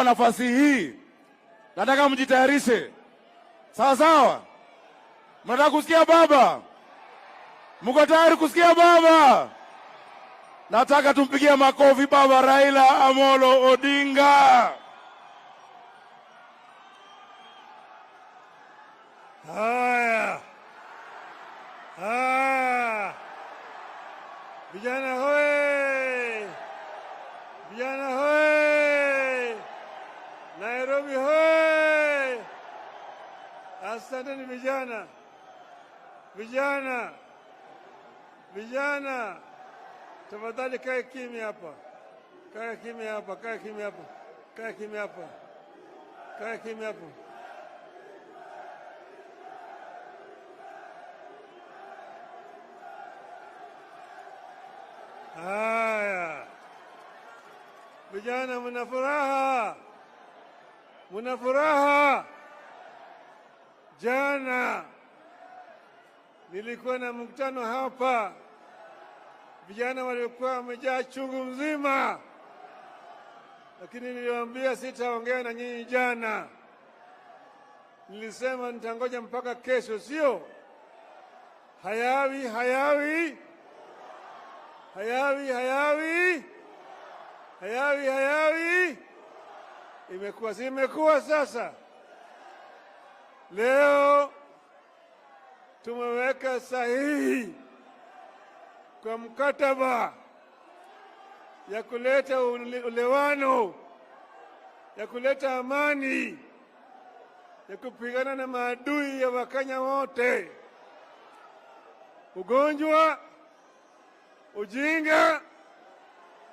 kuchukua nafasi hii, nataka mjitayarishe sawa sawa. Mnataka kusikia baba? Mko tayari kusikia baba? Nataka tumpigie makofi baba Raila Amolo Odinga. Haya, vijana Nairobi hoye! Asanteni vijana, vijana, vijana, tafadhali kae kimya hapa, kae kimya hapa, kae kimya hapa, kae kimya hapa, kae kimya hapa. Haya, vijana, mna furaha? muna furaha. Jana nilikuwa na mkutano hapa, vijana waliokuwa wamejaa chungu mzima, lakini niliwaambia sitaongea na nyinyi jana. Nilisema nitangoja mpaka kesho, sio? Hayawi, hayawi, hayawi, hayawi, hayawi, hayawi imekuwa si imekuwa sasa. Leo tumeweka sahihi kwa mkataba ya kuleta ulewano, ya kuleta amani, ya kupigana na maadui ya Wakenya wote, ugonjwa, ujinga,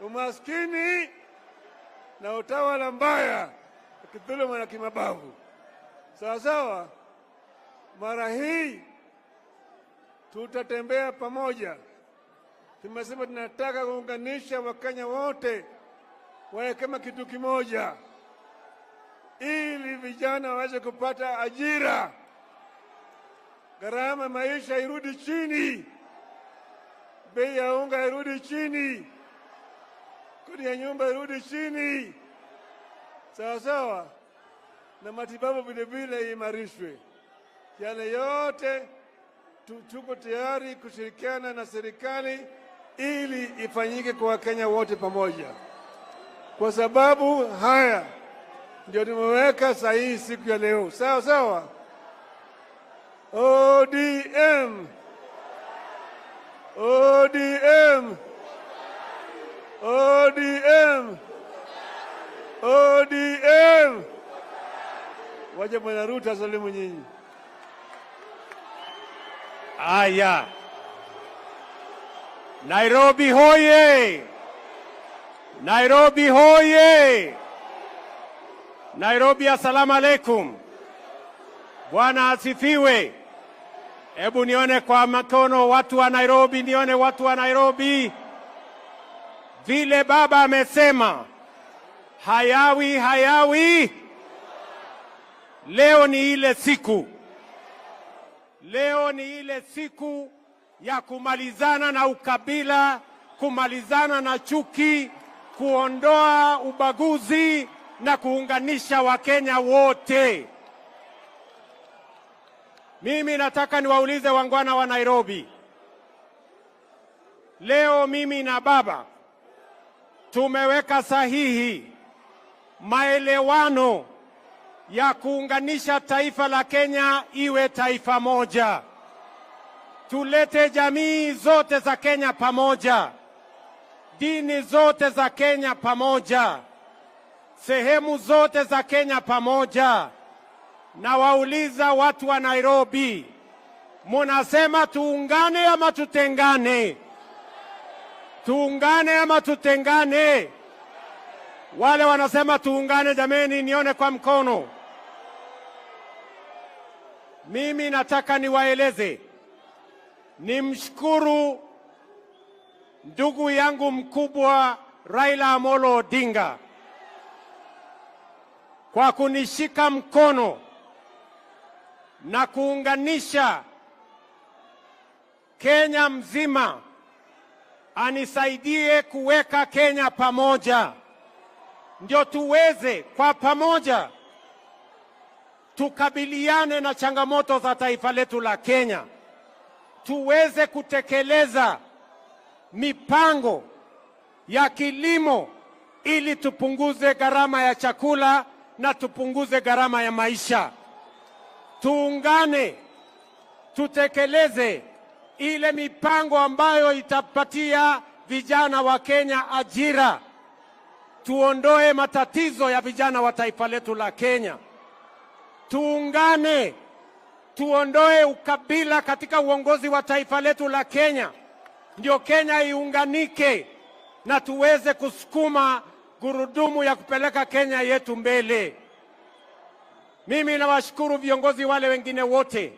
umaskini na utawala mbaya kidhuluma na kimabavu. Sawasawa, mara hii tutatembea pamoja. Tumesema tunataka kuunganisha Wakenya wote wawe kama kitu kimoja, ili vijana waweze kupata ajira, gharama maisha irudi chini, bei ya unga irudi chini kodi ya nyumba irudi chini, sawa sawa, na matibabu vilevile imarishwe. Yale yote tuko tayari kushirikiana na serikali ili ifanyike kwa Wakenya wote pamoja, kwa sababu haya ndio tumeweka sahihi siku ya leo, sawa sawa. ODM, ODM. ODM, ODM. Waje mwana Ruto asalimu nyinyi. Aya, Nairobi hoye! Nairobi hoye! Nairobi, assalamu alaikum. Bwana asifiwe. Hebu nione kwa makono watu wa Nairobi, nione watu wa Nairobi vile baba amesema hayawi hayawi. Leo ni ile siku, leo ni ile siku ya kumalizana na ukabila, kumalizana na chuki, kuondoa ubaguzi na kuunganisha Wakenya wote. Mimi nataka niwaulize wangwana wa Nairobi, leo mimi na baba tumeweka sahihi maelewano ya kuunganisha taifa la Kenya iwe taifa moja, tulete jamii zote za Kenya pamoja, dini zote za Kenya pamoja, sehemu zote za Kenya pamoja. Na wauliza watu wa Nairobi, munasema tuungane ama tutengane? Tuungane ama tutengane? Wale wanasema tuungane, jameni, nione kwa mkono. Mimi nataka niwaeleze, nimshukuru ndugu yangu mkubwa Raila Amolo Odinga kwa kunishika mkono na kuunganisha Kenya mzima anisaidie kuweka Kenya pamoja, ndio tuweze kwa pamoja tukabiliane na changamoto za taifa letu la Kenya, tuweze kutekeleza mipango ya kilimo ili tupunguze gharama ya chakula na tupunguze gharama ya maisha. Tuungane, tutekeleze ile mipango ambayo itapatia vijana wa Kenya ajira, tuondoe matatizo ya vijana wa taifa letu la Kenya, tuungane, tuondoe ukabila katika uongozi wa taifa letu la Kenya, ndio Kenya iunganike na tuweze kusukuma gurudumu ya kupeleka Kenya yetu mbele. Mimi nawashukuru viongozi wale wengine wote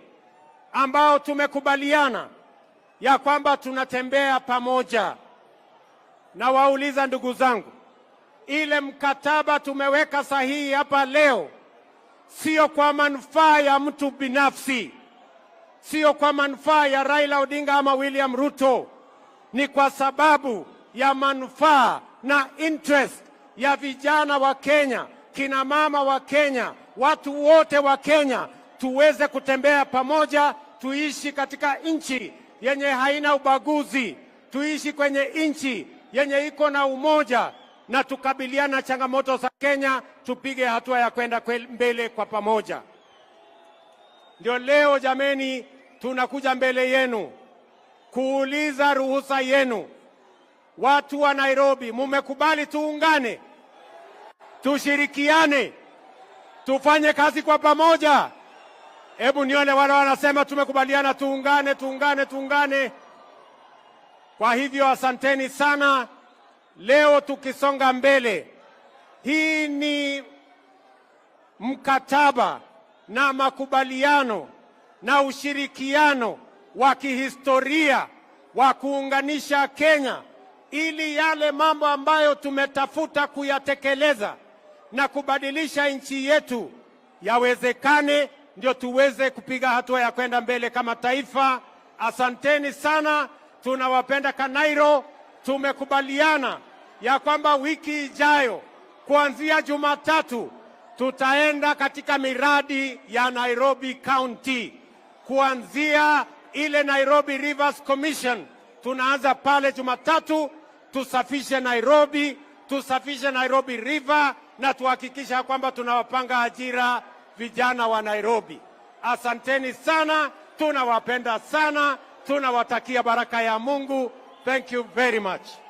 ambao tumekubaliana ya kwamba tunatembea pamoja. Na wauliza ndugu zangu, ile mkataba tumeweka sahihi hapa leo sio kwa manufaa ya mtu binafsi, sio kwa manufaa ya Raila Odinga ama William Ruto, ni kwa sababu ya manufaa na interest ya vijana wa Kenya, kina mama wa Kenya, watu wote wa Kenya tuweze kutembea pamoja tuishi katika nchi yenye haina ubaguzi, tuishi kwenye nchi yenye iko na umoja na tukabiliana changamoto za Kenya, tupige hatua ya kwenda mbele kwa pamoja. Ndio leo jameni, tunakuja mbele yenu kuuliza ruhusa yenu. Watu wa Nairobi, mumekubali tuungane, tushirikiane, tufanye kazi kwa pamoja. Hebu nione wale wanasema tumekubaliana, tuungane, tuungane, tuungane. Kwa hivyo asanteni sana. Leo tukisonga mbele, hii ni mkataba na makubaliano na ushirikiano wa kihistoria wa kuunganisha Kenya ili yale mambo ambayo tumetafuta kuyatekeleza na kubadilisha nchi yetu yawezekane ndio tuweze kupiga hatua ya kwenda mbele kama taifa. Asanteni sana, tunawapenda Kanairo. Tumekubaliana ya kwamba wiki ijayo kuanzia Jumatatu tutaenda katika miradi ya Nairobi County, kuanzia ile Nairobi Rivers Commission. Tunaanza pale Jumatatu, tusafishe Nairobi, tusafishe Nairobi River na tuhakikisha kwamba tunawapanga ajira vijana wa Nairobi. Asanteni sana, tunawapenda sana, tunawatakia baraka ya Mungu. Thank you very much.